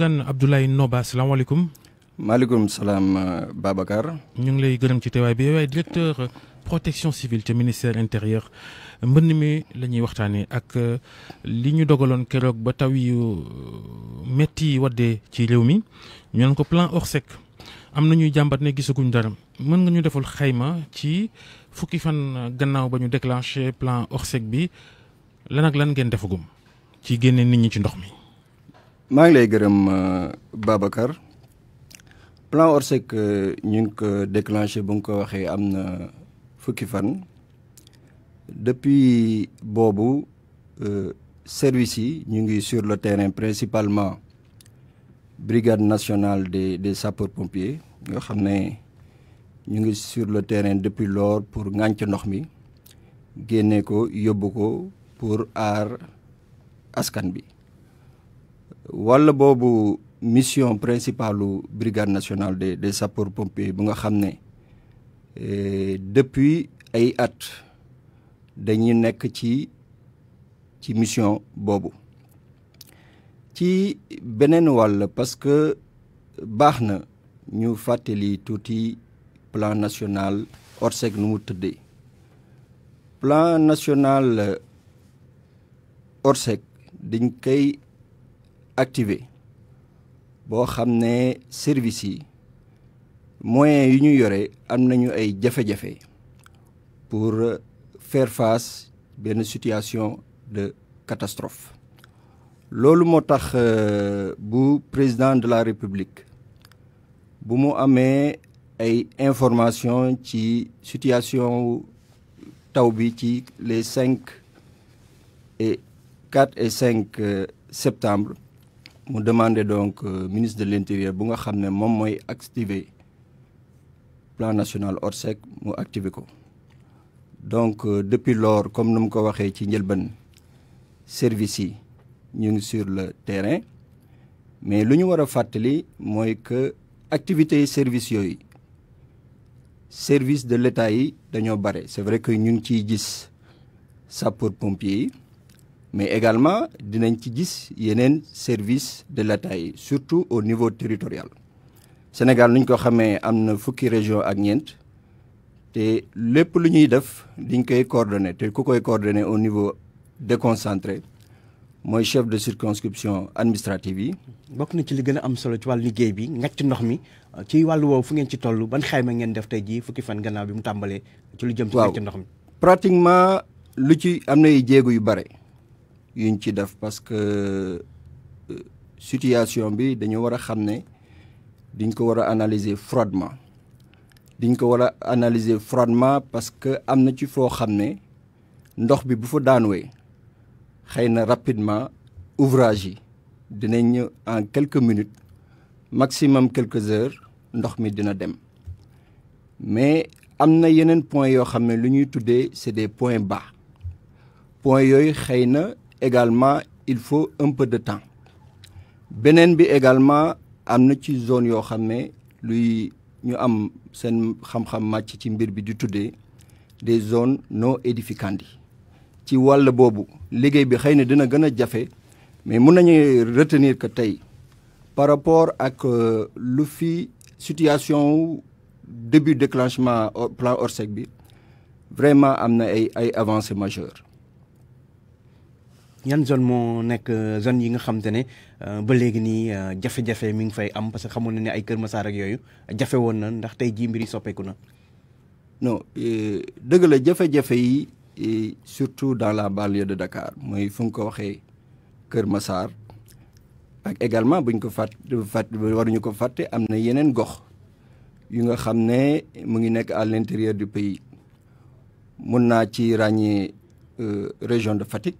gan Abdoulaye Noba salaamaaleykum. maaleykum salaam euh, Babacar. ñu ngi lay gërëm ci teewaay bi yow directeur protection civile ca ministère intérieur mbënn mi la ñuy waxtaanee ak euh, li ñu dogaloon keroog ba taw yu euh, metti waddee ci réew mi ñu ko plan Orsec am na ñuy jàmbat ne gisaguñ dara mën nga ñu deful xayma ci fukki fan gannaaw ba ñu déclenché plan Orsec bi lan ak lan ngeen defagum ci génne nit ñi ci ndox mi. maa ngi lay gërëm euh, Babacar plan Orsec euh, ñu ngi ko déclenché bu nga ko waxee am na fukki fan depuis boobu euh, service yi ñu ngi sur le terrain principalement brigade nationale des des sapeurs pompiers nga xam ne ñu ngi sur le terrain depuis lors pour ŋànc ndox mi génne ko yóbbu ko pour aar askan bi wala boobu mission principalu brigade nationale des des sapeurs pompiers bu nga xam ne eh, depuis ay at dañu nekk ci ci mission boobu ci beneen wàll parce que baax na ñu fàttali tuuti plan national ORSEC nu mu tëddee plan national eh, ORSEC dañ koy activé boo xam ne service yi moyens yu ñu yore am nañu ay jafe-jafe pour faire face benn situation de catastrophe loolu moo tax euh, bu président de la république bu mu amee ay information ci situation taw bi ci les cinq et quatre et cinq euh, septembre mu demandé donc euh, ministre de l'intérieur bu nga xam ne moom mooy activer plan national Orsec mu activer ko donc euh, depuis lors comme nu mu ko waxee ci njëlbeen service yi ñu ngi sur le terrain mais lu ñu war a fàttali mooy que activité service yooyu service de l'État yi dañoo bare c'est vrai que ñu ngi ciy gis sapeur pompier yi mais également dinañ ci gis yeneen service de l'État yi surtout au niveau territorial Sénégal nuñ ko xamee am na fukki région ak ñeent te lépp lu ñuy def diñ koy coordonné te ku koy coordonné au niveau déconcentré mooy chef de circonscription administrative yi bokk na ci li gën a am solo ci wàll liggéey bi ngacc ndox mi ci wàllu woow fu ngeen ci toll ban xayma ngeen def tey jii fukki fan gannaaw bi mu tàmbalee ci lu jëm ci ngacc ndox mi pratiquement lu ci am na jéego yu bare yuñ ci def parce que euh, situation bi dañu war a xam ne diñ ko war a analyser froidement diñ ko war a analyser froidement parce que am na ci foo xam ne ndox bi bu fa daanwee xëy na rapidement ouvrage yi dinañ en quelques minutes maximum quelques heures ndox mi dina dem mais am na yeneen point yoo xam ne lu ñuy tuddee c'est des points bas point yooyu xëy na également il faut un peu de temps beneen bi également am na ci zone yoo xam ne luy ñu am seen xam màcc ci mbir bi di tuddee des zones non édificantes yi ci wàll boobu liggéey bi xëy na dina gën a jafe mais mun nañu retenir que tey par rapport ak euh, lu fi situation début déclenchement plan Orsec bi vraiment am na ay ay avancées majeures yan zone moo nekk euh, zone yi nga xam te ne euh, ba léegi nii euh, jafe-jafe mi ngi fay am parce que xamoon na ni ay Kër Masaar ak yooyu jafe woon na ndax tey jii mbir yi soppeeku na. no dëgg la jafe-jafe yi surtout dans la banlieue de Dakar mooy fu nga ko waxee Kër Masaar ak également buñ ko fàtt fàtt waruñu ko fàtte am na yeneen gox yu nga xam ne mu ngi nekk à l'intérieur du pays mun naa ci ràññee région de Fatick.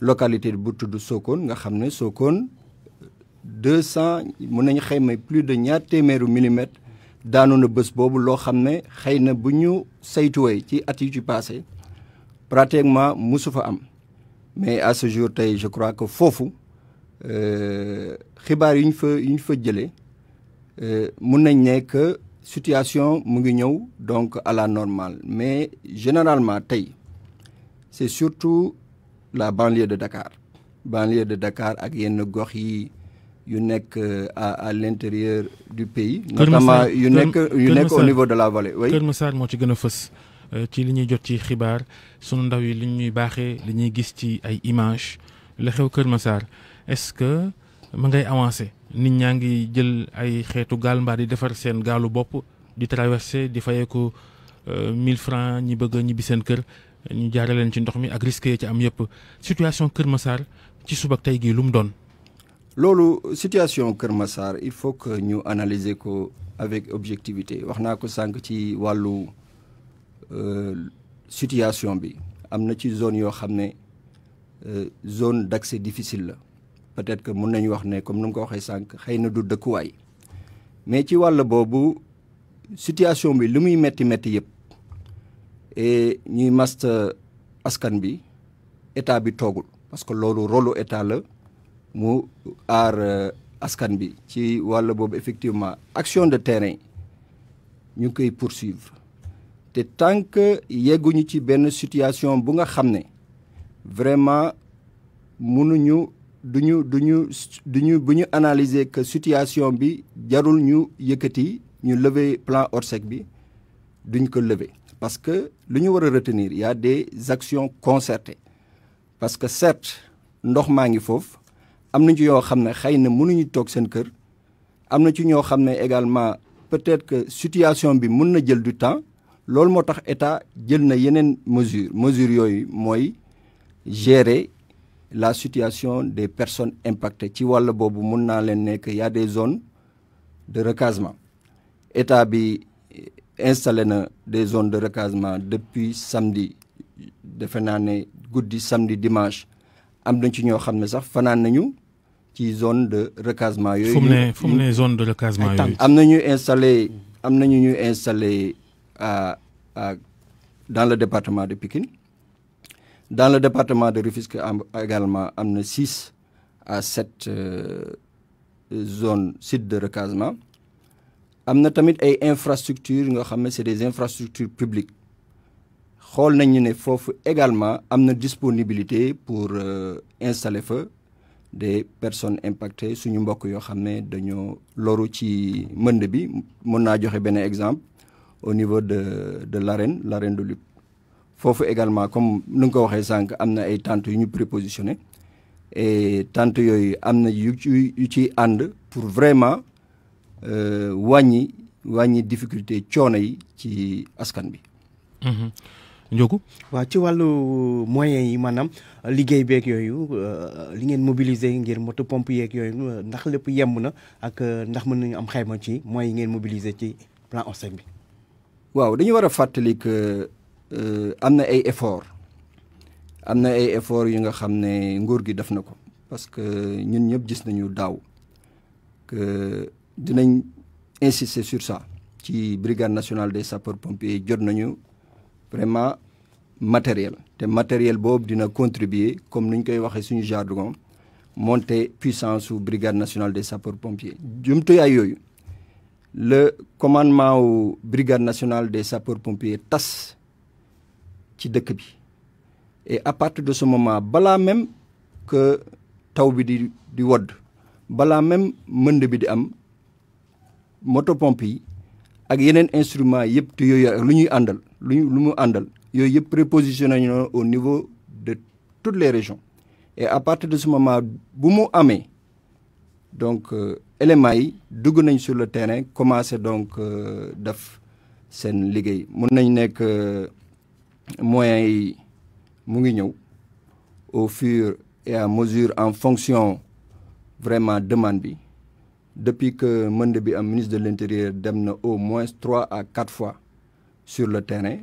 localité bu tudd Sokone nga xam ne Sokone deux cent mën nañu xayma plus de ñaar téeméeru millimètres daanu na bés boobu loo xam ne xëy na bu ñu saytuwee ci at yu ci passé pratiquement musu fa am mais à ce tey je crois que foofu euh, xibaar yu ñu fa yu ñu fa jëlee euh, mun nañ nekk que situation mu ngi ñëw donc à la normale mais généralement tey c'est surtout la banlieue de Dakar banlieue de Dakar ak yenn gox yi yu nekk a euh, à l'intérieur du pays. notamment yu nekk yu nekk au niveau la vallée. oui Kër Massar moo ci gën a fës euh, ci li ñuy jot ci xibaar sunu ndaw yi li ñuy baaxee li ñuy gis ci ay images la xew Kër Massar est-ce que ma ngay avancé nit ñaa ngi jël ay xeetu gaal mbaa di defar seen gaalu bopp di traverser di fayeeku euh, mille francs ñi bëgg ñibbi seen kër. ñu jaare leen ci ndox mi ak risques yi ci am yëpp situation Kër Massar ci suba ak tey gii lu mu doon. loolu situation Kër Massar il faut que ñu analyser ko avec objectivité wax naa ko sànq ci wàllu euh, situation bi am na ci zone yoo xam ne euh, zone d'accès difficile la peut-être que mun nañu wax ne comme nu mu ko waxee sànq xëy na du dëkkuwaay mais ci wàll boobu situation bi li muy metti metti yëpp. et ñuy masta askan bi état bi toogul parce que loolu rôlu état la mu aar euh, askan bi ci wàll boobu effectivement action de terrain ñu ngi koy poursuivre te tant que yegguñu ci benn situation bu nga xam ne vraiment mënuñu duñu duñu duñu bu ñu analyser que situation bi jarul ñu yëkkati ñu lever plan Orsec bi duñ ko lever Parce que lu ñu war a retenir il des actions concertées parce que certes ndox maa ngi foofu am na ci yoo xam ne xëy na mënuñu toog seen kër am na ci ñoo xam ne également peut-être que situation bi mun na jël du temps loolu moo tax état jël na yeneen mesures mesure yooyu mooy gérer la situation des personnes impactées ci wàll boobu mun naa leen nekk y des zones de recasement état bi installé na des zone de recasement depuis samedi defe naa ne guddi samedi dimanche am nañ ci ñoo xam ne sax fanaan nañu ci zone de recasement yooyu. fu mu ne zone de recasement yooyu. am na ñu installé am na ñu ñu installé à dans le département de Pikine dans le département de Rufisque am également am na six à sept euh, zone sites de recasement. am na tamit ay infrastructures nga xam ne c'est des infrastructures publiques xool nañu ne foofu également am na disponibilité pour euh, installer fa des personnes impactées suñu mbokk yoo xam ne dañoo loru ci mënd bi mën naa joxe benn exemple au niveau de de l'arène l'arène de lutte foofu également comme nu nga ko waxee sànq am na ay tentes yu ñu prépositionné et tentes yooyu am na yu ci yu ciy ànd pour vraiment Euh, wàññi wàññi difficulté coono yi ci askan bi. Mhm. Ndiogou. waa ci wàllu moyens yi maanaam liggéey beeg yooyu euh, li ngeen mobiliser ngir moto pompe yeeg yooyu ndax lépp yemb na ak euh, ndax mën nañu am xayma ci moyens yi ngeen mobiliser ci plan ORSEC bi. waaw dañu war a fàttali que am na ay effort am na ay effort yu nga xam ne nguur gi def na ko parce que ñun ñëpp gis nañu daaw dinañ insister sur ça ci brigade nationale des sapeurs pompiers jot nañu vraiment matériel te matériel boobu dina contribuer comme ni ñu koy waxee suñu jargon monter puissance su brigade nationale des sapeurs pompiers. jumtuyaay yooyu le commandement wu brigade nationale des sapeurs pompiers tas ci dëkk bi et à partir de ce moment balaa même que taw bi di di wodd balaa même mënd bi di am. moto pomp yi ak yeneen instruments yëpp te yooyu ak lu ñuy àndal lu ñu lu mu àndal yooyu yëpp prépositionné nañu au niveau de toutes les régions et à partir de ce moment bu mu amee donc euh, éléments yi dugg nañ sur le terrain commencé donc euh, def seen liggéey mun nañ nekk euh, moyens yi mu ngi ñëw au fur et à mesure en fonction vraiment demande bi depuis que mënd bi am ministre de l'intérieur dem na au moins trois à quatre fois sur le terrain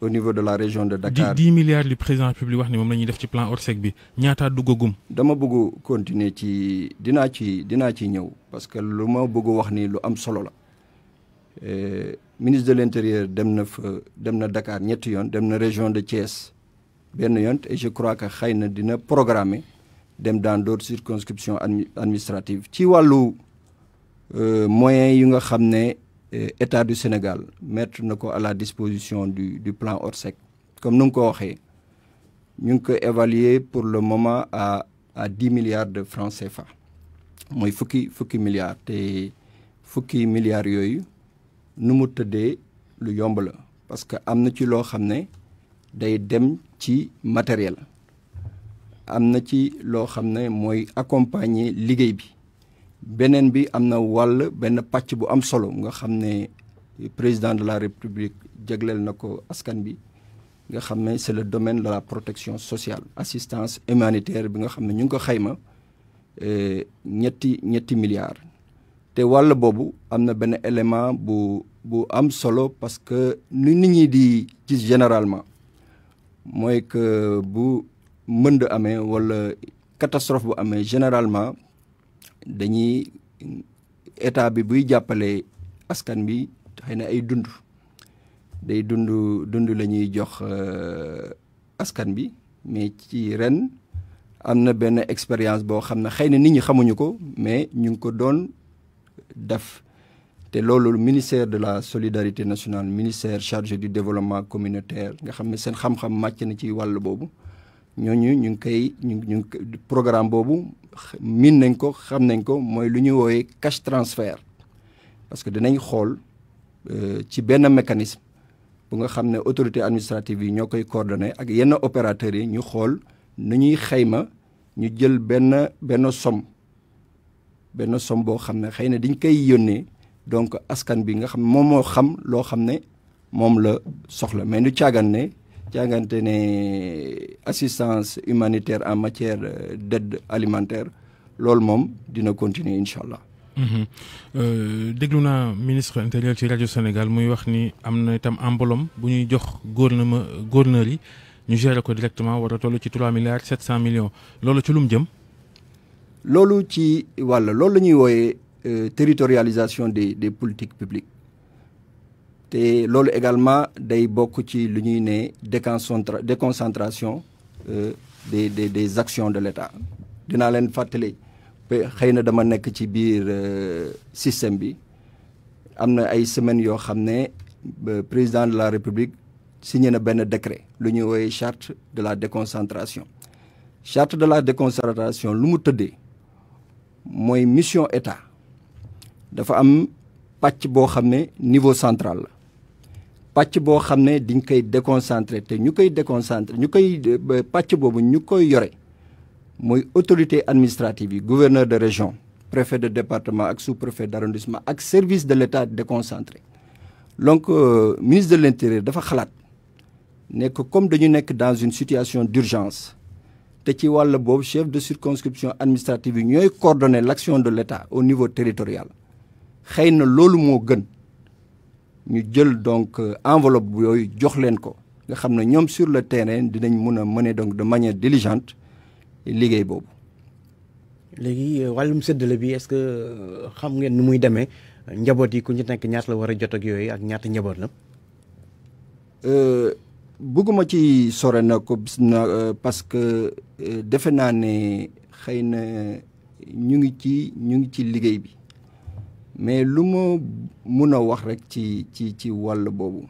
au niveau de la région de Dakar. dix milliards li président public wax ni moom la ñuy def ci plan Orsec bi ñaataa duggagum. dama bëgg continuer ci dinaa ci dinaa ci ñëw parce que lu ma bëgg wax ni lu am solo la eh, ministre de l'intérieur dem na fa dem na Dakar ñetti yoon dem na région de Thiès benn yoon et je crois que xëy na dina programme dem dans d'autres circonscriptions administratives ci wàllu. Euh, moyens yi nga xam ne euh, état du Sénégal mettre na ko à la disposition du du plan Orsec comme nu nga ko waxee ñu ngi ko évaluer pour le moment à à dix milliards de francs fa mooy fukki fukki milliards te fukki milliards yooyu nu mu tëddee lu yomb la parce que am na ci loo xam ne day dem ci matériel am na ci loo xam ne mooy accompagner liggéey bi beneen bi am na wàll benn pàcc bu am solo nga xam ne président de la république jagleel na ko askan bi nga xam ne c'est le domaine de la protection sociale assistance humanitaire bi nga xam ne ñu ngi ko xayma eh, ñetti ñetti milliards te wàll boobu am na benn élément bu bu am solo parce que ni nit ñi di ci généralement mooy que bu mënd amee wala catastrophe bu amee généralement dañuy état bi buy jàppale askan bi xëy na ay dund day dund dund la ñuy jox euh, askan bi mais ci ren am na benn expérience boo xam ne xëy na nit ñi xamuñu ko mais ñu ngi ko doon def te loolu ministère de la solidarité nationale ministère chargé du développement communautaire nga xam ne seen xam-xam màcc na ci wàll boobu ñooñu ñu ngi koy ñu ngi programme boobu miin nañ ko xam nañ ko mooy lu ñuy woowee cash transfert parce que dinañ xool euh, ci benn mécanisme bu nga xam ne autorité administrative yi ñoo koy coordonné ak yenn opérateurs yi ñu xool nañuy ñuy xayma ñu jël benn benn somme benn somme boo xam ne xëy na diñ koy yónnee donc askan bi nga xam moom moo xam loo xam ne moom la soxla mais nu caagan ne cagante ne assistance humanitaire en matière euh, d'aide alimentaire loolu moom dina continuer incha allah. Mhm. Euh, déglu naa ministre intérieur ci rajo Sénégal muy wax ni am na itam embolom bu ñuy jox gouvernement gouverneur yi ñu gérer ko directement war a toll ci trois milliards sept cent millions loolu ci lu mu jëm. loolu ci wàll loolu la ñuy wooyee euh, territorialisation des des politiques publiques. te loolu également day bokk ci lu ñuy ne déconcentra déconcentration euh, de des des actions de l'État dinaa leen fàttale xëy na dama nekk ci biir euh, système bi am na ay semaines yoo xam ne président de la République signé na benn décret lu ñuy woowee charte de la déconcentration charte de la déconcentration lu mu tëddee mooy mission état dafa am pàcc boo xam ne niveau central la pàcc boo xam ne diñ koy déconcentré te ñu koy déconcentré ñu koy euh, pàcc boobu ñu koy yore mooy autorité administrative yi gouverneur de région préfet de département ak sous-préfet d'arrondissement ak service de l'État déconcentré donc euh, ministre de l'intérieur dafa xalaat nekk comme dañu nekk dans une situation d'urgence te ci wàll boobu chef de circonscription administrative yi ñooy coordonner l'action de l'État au niveau territorial xëy na loolu moo gën ñu jël donc euh, enveloppe yooyu jox leen ko nga xam ne ñoom sur le terrain dinañ mun a mëne donc de manière diligente liggéey boobu. léegi euh, wàllum séddale bi est-ce que euh, xam ngeen nu muy demee njaboot yi ku ñu nekk ñaat la war a jot ak yooyu ak ñaata njaboot la. bëgguma ci sore na ko bis na parce que defe naa ne xëy na ñu ngi ci ñu ngi ci liggéey bi. mais lu ma mun a wax rek ci ci ci wàll boobu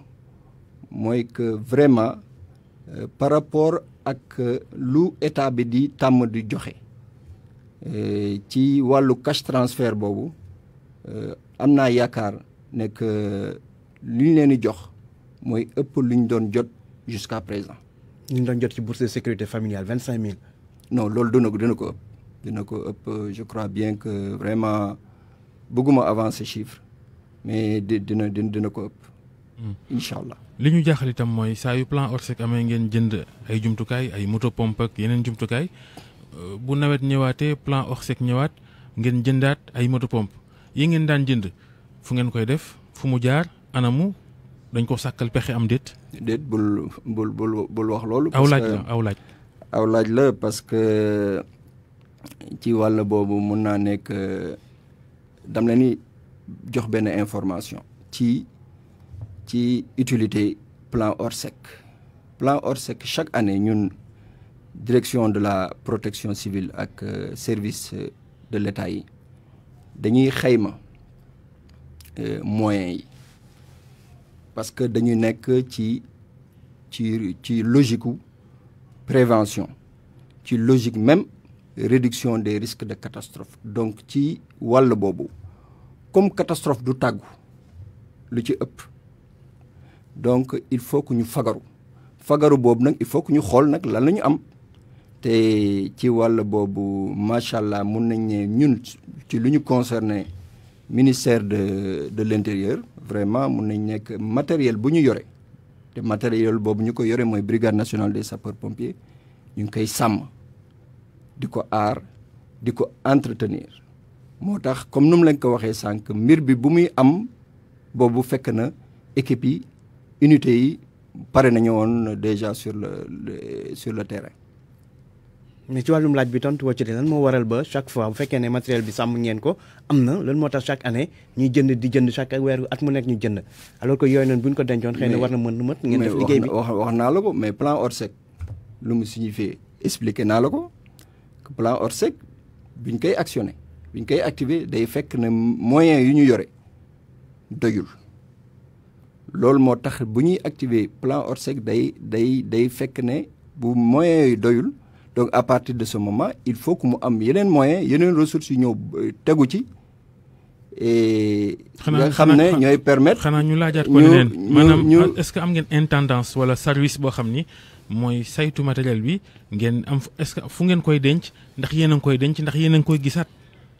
mooy que vraiment euh, par rapport ak euh, lu état bi di tàmm di joxe euh, ci wàllu cash transfert boobu am naa yaakaar ne que li ñu leen di jox mooy ëpp lu ñu doon jot jusqu'à présent. li ñu doon jot ci bourse de sécurité familiale vingt cinq mille. non loolu dina ko dina ko ëpp dina ko ëpp je crois bien que vraiment. bëgguma avancer chiffre mais di dina dina ko ëpp. Hmm. incha allah. li ñu jaaxal itam mooy saa yu plan ORSEC amee ngeen jënd ay jumtukaay ay moto pompe ak yeneen jumtukaay euh, bu nawet ñëwaatee plan ORSEC ñëwaat ngeen jëndaat ay moto pompe yi ngeen daan jënd fu ngeen koy def fu mu jaar anamu dañ ko sàkkal pexe am déet. déet bul bul bul bul wax loolu. aw laaj la aw laaj. aw laaj la parce que ci wàll boobu mun naa nekk. Euh, dam la ni jox benn information ci ci utilité plan or Orsec plan Orsec chaque année ñun direction de la protection civile ak euh, service de l'État yi dañuy xayma euh, moyens yi parce que dañu nekk ci ci ci logique prévention ci logique même réduction des risques de catastrophe donc ci wàll boobu comme catastrophe du tàggu lu ci ëpp donc il faut que ñu fagaru fagaru boobu nag il faut que ñu xool nag lan la ñu am te ci wàll boobu macha allah mun nañ ne ñun ci lu ñu concerné ministère de de l'intérieur vraiment mun nañ nekk matériel bu ñu yore te matériel boobu ñu ko yore mooy brigade nationale des sapeurs pompiers ñu ngi koy sàmm di ko aar di ko entretenir moo tax comme nu mu leen ko waxee sànq mbir bi bu muy am boobu fekk na équipe yi unité yi pare nañu woon déjà sur le sur le terrain. mais ci wàllum laaj bi tontu woo ci lan moo waral ba chaque fois bu fekkee ne matériel bi sàmm ngeen ko am na loolu moo tax chaque année ñuy jënd di jënd chaque weer at mu nekk ñu jënd alors que yooyu noonu bu ko dencoon xëy war na mën a mën. ngeen def liggéey bi wax naa ko mais plan ORSEC lu mu signifié expliqué naa la ko. plan ORSEC bi ñu koy actionné bi ñu koy activer day fekk ne moyen yu ñu yore doyul loolu moo tax bu ñuy activé plan ORSEC day day day fekk ne bu moyen yu doyul donc à partir de ce moment il faut que mu am yeneen moyen yeneen ressources yu ñëw euh, tegu ci nga xam ne ñooy permettre xanaa ñu laajaat ko leneen maanaam est-ce que am ngeen intendance wala service boo xam ni mooy saytu matériel bi ngeen am est-ce fu ngeen koy denc ndax yéen a ngi koy denc ndax yéen a ngi koy gisaat.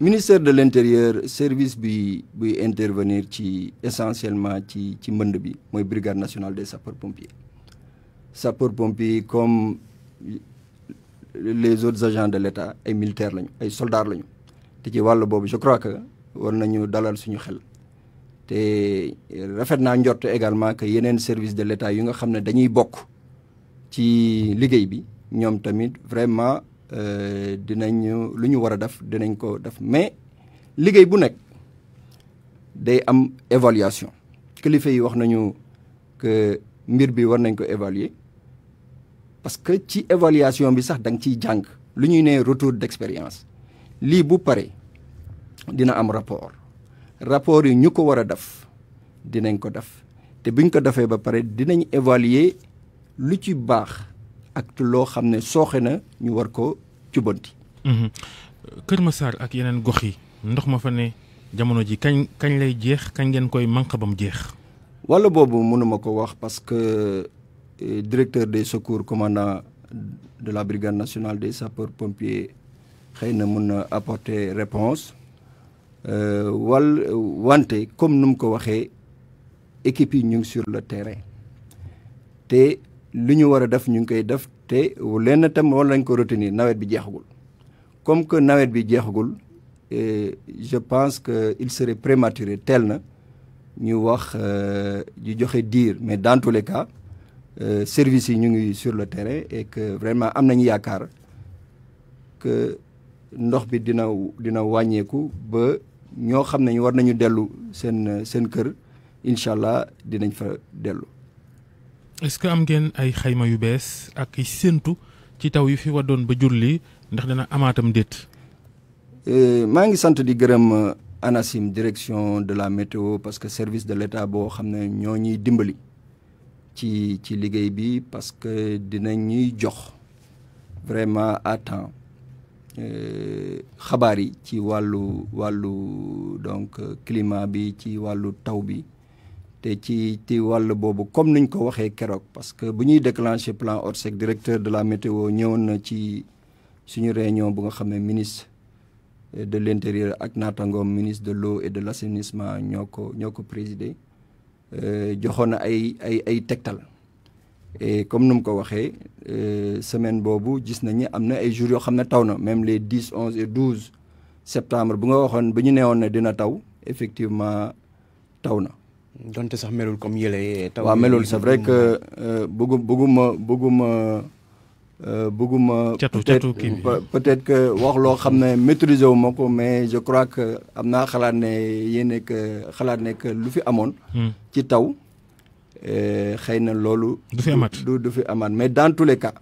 ministère de l'intérieur service bi buy intervenir ci essentiellement ci ci mbënd bi mooy brigade nationale des sapeurs pompiers sapeurs pompiers comme les autres agents de l'État ay militaires lañu ay soldats lañu te ci wàll boobu je crois que war nañu dalal suñu xel te rafet naa njort également que yeneen service de l'État yu nga xam ne dañuy bokk. ci liggéey bi ñoom tamit vraiment euh, dinañ lu ñu war a def dinañ ko def mais liggéey bu nekk day am évaluation kilifa yi wax nañu que mbir bi war nañ ko évaluer parce que ci évaluation bi sax da nga ciy jàng lu ñuy ne retour d'expérience lii bu pare dina am rapport rapport yi ñu ko war a def dinañ ko def te buñ ko defee ba pare dinañ évaluer lu ci baax ak loo xam ne sooxe na ñu war ko jubbanti. Mhm. Kër Massar ak yeneen gox yi ndox ma fa ne jamono ji kañ kañ lay jeex kañ ngeen koy manq bam jeex. wala boobu mënuma ko wax parce que euh, directeur des secours commandant de la brigade nationale des sapeurs pompiers xëy na mën na apporter réponse euh, wal wante comme nu mu ko waxee équipe yi ñu ngi sur le terrain te. li ñu war a def ñu ngi koy def te lenn tam wala nañ ko retenir nawet bi jeexagul comme que nawet bi jeexagul euh, je pense que il serait prématuré teel na ñu wax ñu euh, joxe diir mais dans tous les cas euh, services yi ñu ngi sur le terrain et que vraiment am nañu yaakaar que ndox bi dina dina wàññeeku ba ñoo xam nañu war nañu dellu seen seen kër incha allah dinañ fa dellu. est-ce que am ngeen ay xayma yu bees ak séentu ci taw yu fi doon ba jur lii ndax dana amaatam déet. Euh, maa ngi sant di gërëm euh, ANACIM direction de la météo parce que service de l'État boo xam ne ñoo ñuy dimbali ci ci liggéey bi parce que dina ñuy jox vraiment à temps euh, xabaar yi ci wàllu wàllu donc climat bi ci wàllu taw bi. te ci ci wàll boobu comme niñ ko waxee keroog parce que bu ñuy déclenché plan ORSEC directeur de la météo ñëwoon na ci suñu réunion bu nga xam ne ministre de l' ak naatangoom ministre de l'eau et de l' assainissement ñoo ko ñoo ko présidé euh, joxoon na ay ay ay tegtal et comme nu mu ko waxee euh, semaine boobu gis nañu am na ay jours yoo xam ne taw na même les dix onze et douze septembre bu nga waxoon bu ñu neewoon na dina taw effectivement taw na donte sax melul comme yële taw waaw melul c'est vrai que euh, bëggu bëgguma bëgguma euh, bëgguma peut-être peut-être que wax loo xam ne maîtriser wu ma ko mais je crois que am naa xalaat ne yéen ak xalaat ne que lu fi amoon hmm. ci taw euh, xëy na loolu du fi amaat du du fi amaat mais dans tous les cas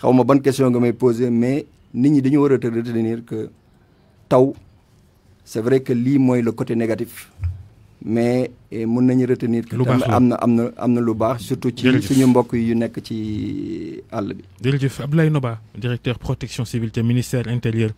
xaw ma ban question nga may poser mais nit ñi dañu war a retenir que taw c'est vrai que lii mooy le côté négatif mais eh, mun nañu retenir que tam am na am na am na lu baax surtout ci suñu mbokk yu nekk ci àll bi jërëjëf lay Noba directeur protection civile te ministère intérieur